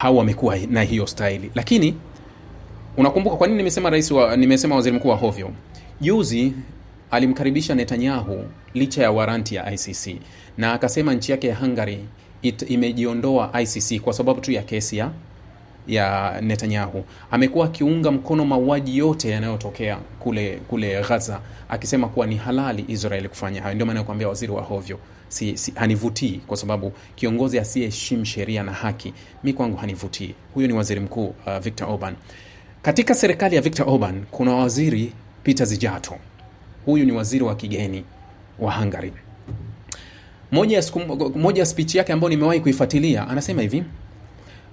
hao wamekuwa na hiyo staili. Lakini unakumbuka kwa nini nimesema rais wa, nimesema waziri mkuu wa hovyo juzi alimkaribisha Netanyahu licha ya waranti ya ICC na akasema nchi yake ya Hungary imejiondoa ICC kwa sababu tu ya kesi ya ya Netanyahu. Amekuwa akiunga mkono mauaji yote yanayotokea kule kule Gaza, akisema kuwa ni halali Israel kufanya hayo. Ndio maana nakwambia waziri wa hovyo si, si, hanivutii kwa sababu kiongozi asiyeheshimu sheria na haki, mi kwangu hanivutii. Huyo ni waziri mkuu uh, Victor Orban. Katika serikali ya Victor Orban kuna waziri Peter Zijato, huyu ni waziri wa kigeni wa Hungary. Moja ya, moja ya spichi yake ambayo nimewahi kuifuatilia anasema hivi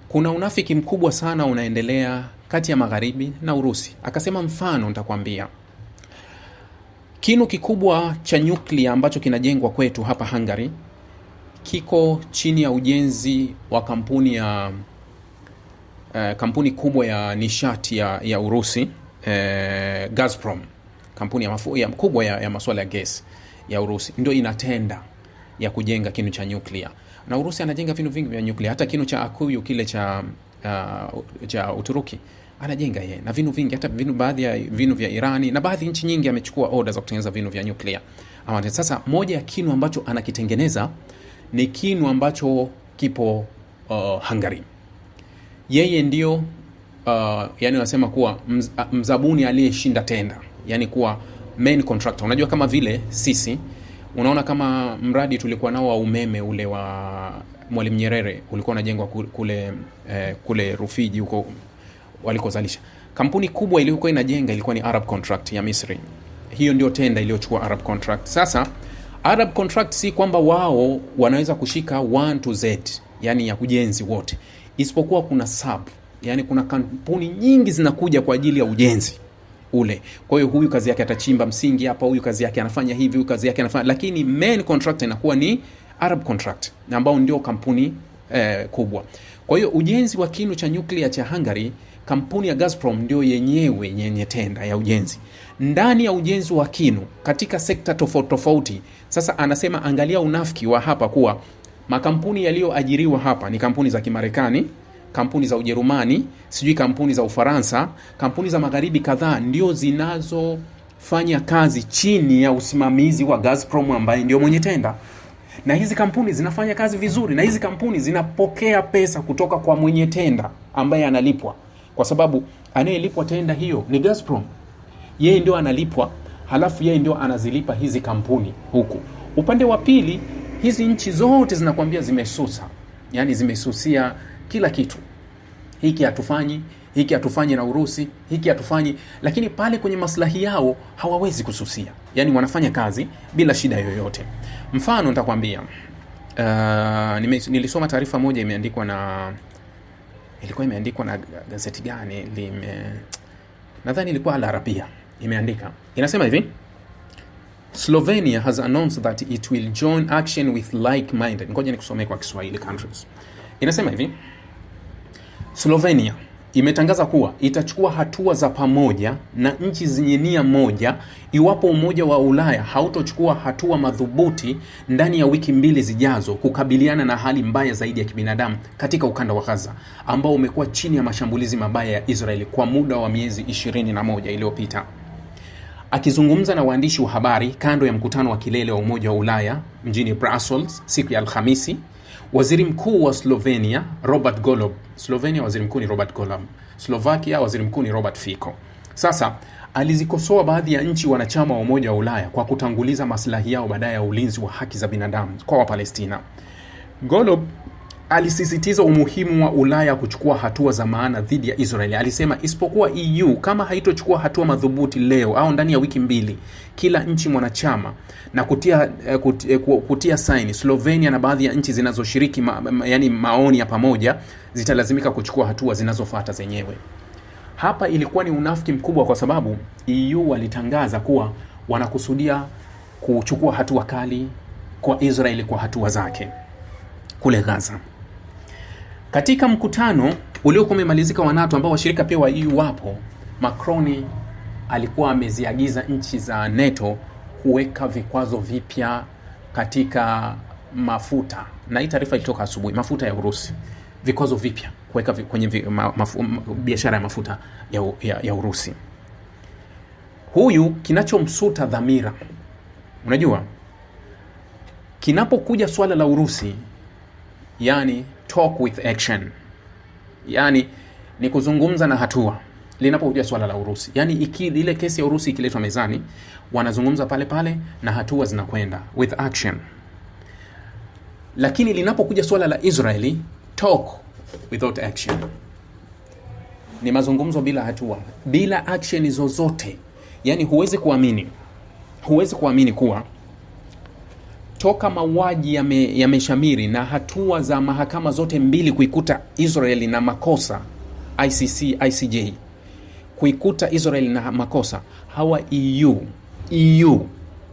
kuna unafiki mkubwa sana unaendelea kati ya magharibi na Urusi. Akasema mfano nitakwambia kinu kikubwa cha nyuklia ambacho kinajengwa kwetu hapa Hungary kiko chini ya ujenzi wa kampuni ya eh, kampuni kubwa ya nishati ya, ya Urusi eh, Gazprom, kampuni ya mafu, ya, kubwa ya, ya masuala ya gesi ya Urusi ndio inatenda ya kujenga kinu cha nyuklia, na Urusi anajenga vinu vingi vya nyuklia, hata kinu cha Akuyu kile cha uh, cha Uturuki anajenga yeye na vinu vingi, hata vinu baadhi ya vinu vya Irani na baadhi nchi nyingi amechukua oda za kutengeneza vinu vya nyuklia. Ama sasa, moja ya kinu ambacho anakitengeneza ni kinu ambacho kipo uh, Hungary. Yeye ndio uh, yani wanasema kuwa mz, mzabuni aliyeshinda tenda, yani kuwa main contractor. Unajua kama vile sisi Unaona, kama mradi tulikuwa nao wa umeme ule wa Mwalimu Nyerere ulikuwa unajengwa kule, eh, kule Rufiji huko walikozalisha. Kampuni kubwa iliyokuwa inajenga ilikuwa ni Arab Contract ya Misri. Hiyo ndio tenda iliyochukua Arab Contract. Sasa Arab Contract si kwamba wao wanaweza kushika 1 to Z, yani ya ujenzi wote, isipokuwa kuna sub, yani kuna kampuni nyingi zinakuja kwa ajili ya ujenzi ule. Kwa hiyo huyu kazi yake atachimba msingi hapa, huyu kazi yake anafanya hivi, huyu kazi yake anafanya, lakini main contract inakuwa ni Arab Contract ambao ndio kampuni eh, kubwa. Kwa hiyo ujenzi wa kinu cha nyuklia cha Hungary, kampuni ya Gazprom ndio yenyewe yenye tenda ya ujenzi. Ndani ya ujenzi wa kinu katika sekta tofauti tofauti, sasa anasema, angalia unafiki wa hapa kuwa makampuni yaliyoajiriwa hapa ni kampuni za Kimarekani kampuni za Ujerumani, sijui kampuni za Ufaransa, kampuni za magharibi kadhaa ndio zinazofanya kazi chini ya usimamizi wa Gazprom ambaye ndio mwenye tenda na hizi kampuni zinafanya kazi vizuri, na hizi kampuni zinapokea pesa kutoka kwa mwenye tenda ambaye analipwa, kwa sababu anayelipwa tenda hiyo ni Gazprom. Yeye ndio analipwa, halafu yeye ndio anazilipa hizi kampuni. Huku upande wa pili, hizi nchi zote zinakwambia zimesusa, yani zimesusia kila kitu, hiki hatufanyi, hiki hatufanyi na Urusi, hiki hatufanyi, lakini pale kwenye maslahi yao hawawezi kususia, yani wanafanya kazi bila shida yoyote. Mfano nitakwambia uh, nilisoma taarifa moja imeandikwa na ilikuwa imeandikwa na gazeti gani lime nadhani ilikuwa Al Arabia imeandika, inasema hivi Slovenia has announced that it will join action with like minded. Ngoja nikusomee kwa Kiswahili countries. Inasema hivi Slovenia imetangaza kuwa itachukua hatua za pamoja na nchi zenye nia moja iwapo Umoja wa Ulaya hautochukua hatua madhubuti ndani ya wiki mbili zijazo kukabiliana na hali mbaya zaidi ya kibinadamu katika ukanda wa Gaza ambao umekuwa chini ya mashambulizi mabaya ya Israeli kwa muda wa miezi 21 iliyopita. Akizungumza na waandishi wa habari kando ya mkutano wa kilele wa Umoja wa Ulaya mjini Brussels siku ya Alhamisi, Waziri mkuu wa Slovenia Robert Golob, Slovenia waziri mkuu ni Robert Golob, Slovakia waziri mkuu ni Robert Fico. Sasa alizikosoa baadhi ya nchi wanachama wa Umoja wa Ulaya kwa kutanguliza maslahi yao baadaye ya ulinzi wa haki za binadamu kwa Wapalestina. Golob alisisitiza umuhimu wa Ulaya kuchukua hatua za maana dhidi ya Israeli. Alisema isipokuwa EU kama haitochukua hatua madhubuti leo au ndani ya wiki mbili, kila nchi mwanachama na kutia, eh, kutia, eh, kutia saini Slovenia na baadhi ya nchi zinazoshiriki ma, ma, yani maoni ya pamoja zitalazimika kuchukua hatua zinazofuata zenyewe. Hapa ilikuwa ni unafiki mkubwa, kwa sababu EU walitangaza kuwa wanakusudia kuchukua hatua kali kwa Israeli kwa hatua zake kule Gaza. Katika mkutano uliokuwa umemalizika wa NATO ambao washirika pia wa EU wapo, Macron alikuwa ameziagiza nchi za NATO kuweka vikwazo vipya katika mafuta, na hii taarifa ilitoka asubuhi, mafuta ya Urusi, vikwazo vipya kuweka kwenye ma, biashara ya mafuta ya, ya, ya Urusi. Huyu kinachomsuta dhamira, unajua kinapokuja swala la Urusi yani talk with action, yani ni kuzungumza na hatua linapokuja swala la Urusi. Yani iki, ile kesi ya Urusi ikiletwa mezani, wanazungumza pale pale na hatua zinakwenda with action, lakini linapokuja swala la Israeli, talk without action, ni mazungumzo bila hatua, bila action zozote. Yani huwezi kuamini, huwezi kuamini kuwa toka mauaji yameshamiri ya na hatua za mahakama zote mbili kuikuta Israeli na makosa ICC, ICJ kuikuta Israeli na makosa, hawa EU EU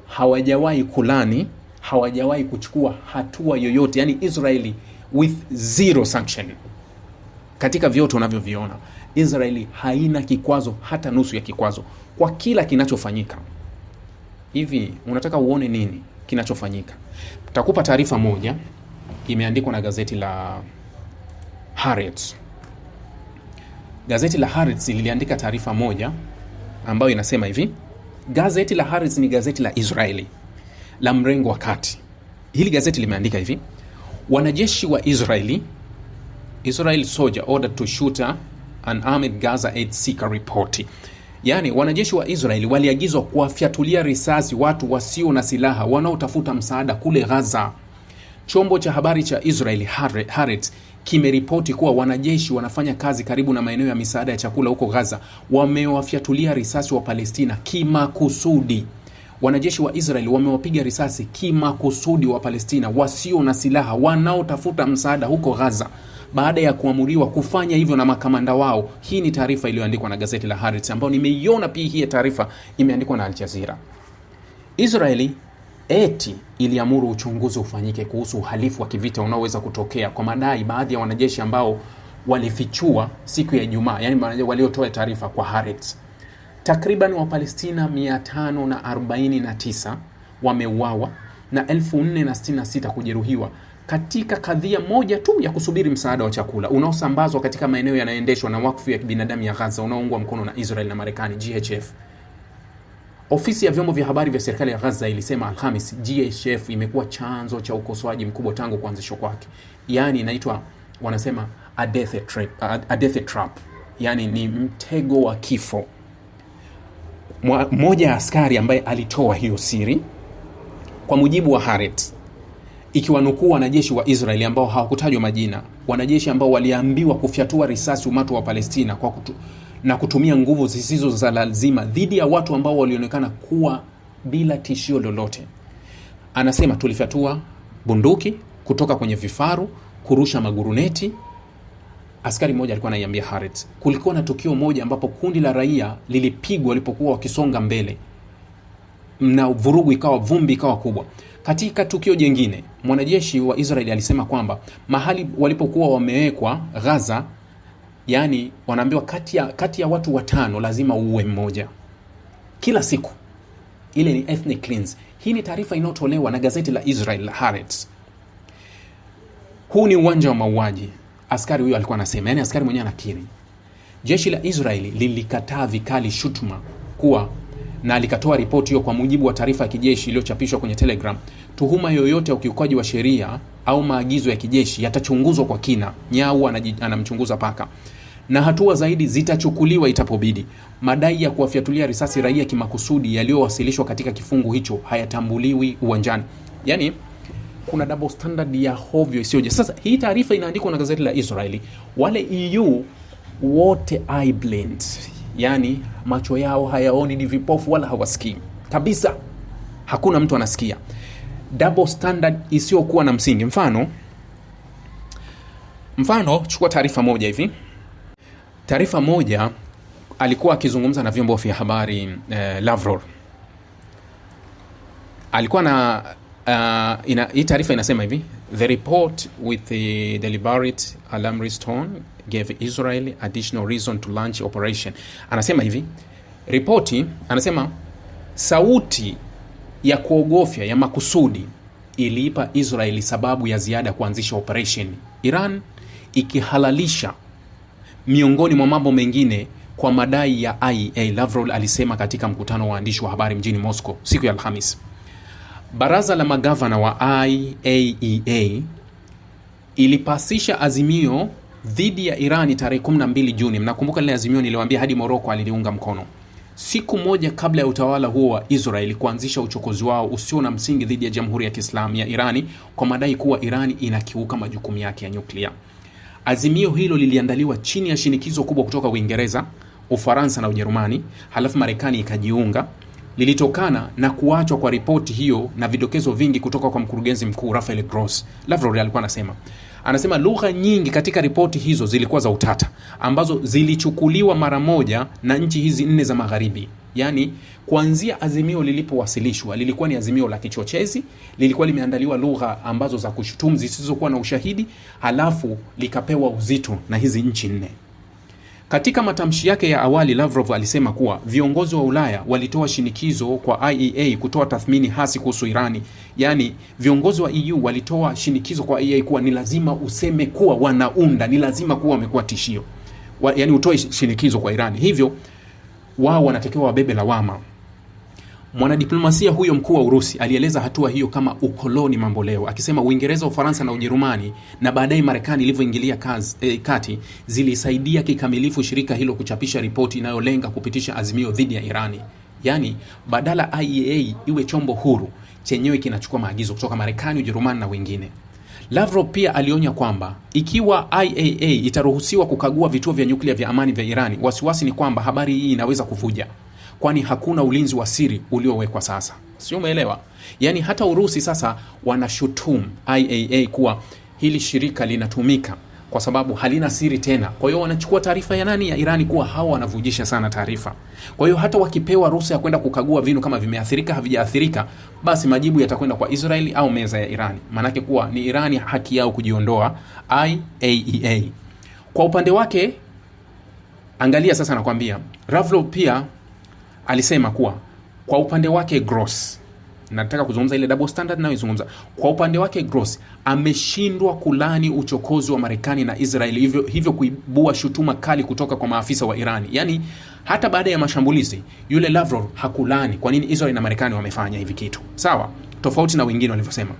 hawajawahi kulani, hawajawahi kuchukua hatua yoyote, yani Israeli with zero sanction katika vyote unavyoviona Israeli haina kikwazo hata nusu ya kikwazo kwa kila kinachofanyika. Hivi unataka uone nini? kinachofanyika. Takupa taarifa moja imeandikwa na gazeti la Haaretz. Gazeti la Haaretz liliandika taarifa moja ambayo inasema hivi. Gazeti la Haaretz ni gazeti la Israeli la mrengo wa kati. Hili gazeti limeandika hivi, wanajeshi wa Israeli Israel soldier ordered to shoot an armed Gaza aid seeker report Yaani, wanajeshi wa Israeli waliagizwa kuwafyatulia risasi watu wasio na silaha wanaotafuta msaada kule Gaza. Chombo cha habari cha Israeli Haaretz kimeripoti kuwa wanajeshi wanafanya kazi karibu na maeneo ya misaada ya chakula huko Gaza wamewafyatulia risasi wa Palestina kimakusudi. Wanajeshi wa Israeli wamewapiga risasi kimakusudi wa Palestina wasio na silaha wanaotafuta msaada huko Gaza baada ya kuamuriwa kufanya hivyo na makamanda wao. Hii ni taarifa iliyoandikwa na gazeti la Haaretz ambayo nimeiona pia. Hii taarifa imeandikwa na Al Jazeera. Israeli eti iliamuru uchunguzi ufanyike kuhusu uhalifu wa kivita unaoweza kutokea kwa madai baadhi ya wanajeshi ambao walifichua siku ya Ijumaa, yani waliotoa taarifa kwa Haaretz. Takriban Wapalestina 549 wameuawa na 1466 kujeruhiwa katika kadhia moja tu ya kusubiri msaada wa chakula unaosambazwa katika maeneo yanayoendeshwa na wakfu ya kibinadamu ya Gaza unaoungwa mkono na Israel na Marekani GHF. Ofisi ya vyombo vya habari vya serikali ya Gaza ilisema Alhamis, GHF imekuwa chanzo cha ukosoaji mkubwa tangu kuanzishwa kwake. Yaani inaitwa wanasema a death trap, a death trap. Yaani ni mtego wa kifo. Mmoja ya askari ambaye alitoa hiyo siri kwa mujibu wa Haaretz ikiwanukuu wanajeshi wa Israeli ambao hawakutajwa majina, wanajeshi ambao waliambiwa kufyatua risasi umatu wa Palestina kwa kutu, na kutumia nguvu zisizo za lazima dhidi ya watu ambao walionekana kuwa bila tishio lolote. Anasema tulifyatua bunduki kutoka kwenye vifaru, kurusha maguruneti. Askari mmoja alikuwa anaiambia Haaretz, kulikuwa na tukio moja ambapo kundi la raia lilipigwa walipokuwa wakisonga mbele, na vurugu ikawa, vumbi ikawa kubwa. Katika tukio jingine mwanajeshi wa Israeli alisema kwamba mahali walipokuwa wamewekwa Gaza, yani wanaambiwa kati ya, kati ya watu watano lazima uue mmoja kila siku. Ile ni ethnic cleanse. Hii ni taarifa inayotolewa na gazeti la Israel Haaretz. Huu ni uwanja wa mauaji, askari huyo alikuwa anasema, yani askari mwenyewe anakiri. Jeshi la Israeli lilikataa vikali shutuma kuwa na alikatoa ripoti hiyo kwa mujibu wa taarifa ya kijeshi iliyochapishwa kwenye Telegram. Tuhuma yoyote ya ukiukaji wa sheria au maagizo ya kijeshi yatachunguzwa kwa kina. Nyau anamchunguza paka na hatua zaidi zitachukuliwa itapobidi. Madai ya kuwafyatulia risasi raia kimakusudi yaliyowasilishwa katika kifungu hicho hayatambuliwi uwanjani. yani kuna double standard ya hovyo isiyoje. Sasa hii taarifa inaandikwa na gazeti la Israeli, wale EU wote eye blind yaani macho yao hayaoni, ni vipofu wala hawasikii kabisa, hakuna mtu anasikia. Double standard isiyokuwa na msingi. Mfano, mfano chukua taarifa moja hivi. Taarifa moja alikuwa akizungumza na vyombo vya habari eh, Lavrov alikuwa na uh, ina, hii taarifa inasema hivi the report with the deliberate alarm stone gave Israel additional reason to launch operation. Anasema hivi ripoti, anasema sauti ya kuogofya ya makusudi iliipa Israeli sababu ya ziada kuanzisha operation. Iran ikihalalisha miongoni mwa mambo mengine kwa madai ya IA, Lavrov alisema katika mkutano wa waandishi wa habari mjini Moscow siku ya Alhamis. Baraza la magavana wa IAEA e ilipasisha azimio dhidi ya Irani tarehe 12 Juni. Mnakumbuka lile azimio niliwaambia hadi Morocco aliliunga mkono. Siku moja kabla ya utawala huo wa Israel kuanzisha uchokozi wao usio na msingi dhidi ya Jamhuri ya Kiislamu ya Irani kwa madai kuwa Irani inakiuka majukumu yake ya nyuklia. Azimio hilo liliandaliwa chini ya shinikizo kubwa kutoka Uingereza, Ufaransa na Ujerumani, halafu Marekani ikajiunga. Lilitokana na kuachwa kwa ripoti hiyo na vidokezo vingi kutoka kwa mkurugenzi mkuu Rafael Gross. Lavrov alikuwa anasema Anasema lugha nyingi katika ripoti hizo zilikuwa za utata ambazo zilichukuliwa mara moja na nchi hizi nne za magharibi. Yaani, kuanzia azimio lilipowasilishwa lilikuwa ni azimio la kichochezi, lilikuwa limeandaliwa lugha ambazo za kushutumu zisizokuwa na ushahidi, halafu likapewa uzito na hizi nchi nne. Katika matamshi yake ya awali, Lavrov alisema kuwa viongozi wa Ulaya walitoa shinikizo kwa iea kutoa tathmini hasi kuhusu Irani. Yaani, viongozi wa EU walitoa shinikizo kwa IAEA kuwa ni lazima useme kuwa wanaunda, ni lazima kuwa wamekuwa tishio wa, yaani utoe shinikizo kwa Irani, hivyo wao wanatakiwa wabebe lawama. Mwanadiplomasia huyo mkuu wa Urusi alieleza hatua hiyo kama ukoloni mamboleo, akisema Uingereza, Ufaransa na Ujerumani na baadaye Marekani ilivyoingilia eh, kati zilisaidia kikamilifu shirika hilo kuchapisha ripoti inayolenga kupitisha azimio dhidi ya Irani. Yaani, badala IAEA iwe chombo huru, chenyewe kinachukua maagizo kutoka Marekani, Ujerumani na wengine. Lavrov pia alionya kwamba ikiwa IAEA itaruhusiwa kukagua vituo vya nyuklia vya amani vya Irani, wasiwasi ni kwamba habari hii inaweza kuvuja kwani hakuna ulinzi wa siri uliowekwa sasa. Sio, umeelewa? Yaani hata Urusi sasa wanashutumu IAA kuwa hili shirika linatumika kwa sababu halina siri tena. Kwa hiyo wanachukua taarifa ya nani? Ya Irani, kuwa hawa wanavujisha sana taarifa. Kwa hiyo hata wakipewa ruhusa ya kwenda kukagua vinu kama vimeathirika havijaathirika, basi majibu yatakwenda kwa Israeli au meza ya Irani, maanake kuwa ni Irani haki yao kujiondoa IAEA. E kwa upande wake, angalia sasa, nakwambia Lavrov pia alisema kuwa kwa upande wake Gross, nataka kuzungumza ile double standard nayoizungumza, kwa upande wake Gross ameshindwa kulani uchokozi wa Marekani na Israeli, hivyo, hivyo kuibua shutuma kali kutoka kwa maafisa wa Irani. Yaani hata baada ya mashambulizi yule Lavrov hakulani kwa nini Israeli na Marekani wamefanya hivi kitu, sawa, tofauti na wengine walivyosema.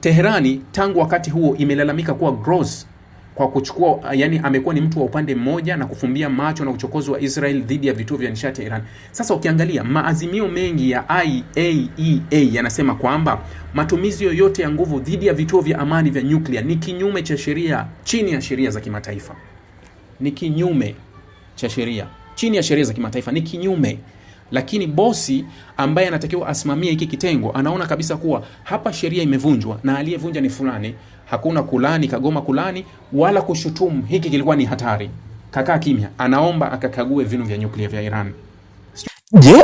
Teherani tangu wakati huo imelalamika kuwa Gross kwa kuchukua yani, amekuwa ni mtu wa upande mmoja na kufumbia macho na uchokozi wa Israel dhidi ya vituo vya nishati ya Iran. Sasa ukiangalia maazimio mengi ya IAEA e yanasema kwamba matumizi yoyote ya nguvu dhidi ya vituo vya amani vya nyuklia ni kinyume cha sheria, chini ya sheria za kimataifa, ni kinyume cha sheria, chini ya sheria za kimataifa, ni kinyume lakini bosi ambaye anatakiwa asimamie hiki kitengo anaona kabisa kuwa hapa sheria imevunjwa na aliyevunja ni fulani. Hakuna kulani kagoma kulani wala kushutumu hiki kilikuwa ni hatari, kakaa kimya. Anaomba akakague vinu vya nyuklia vya Iran. Je,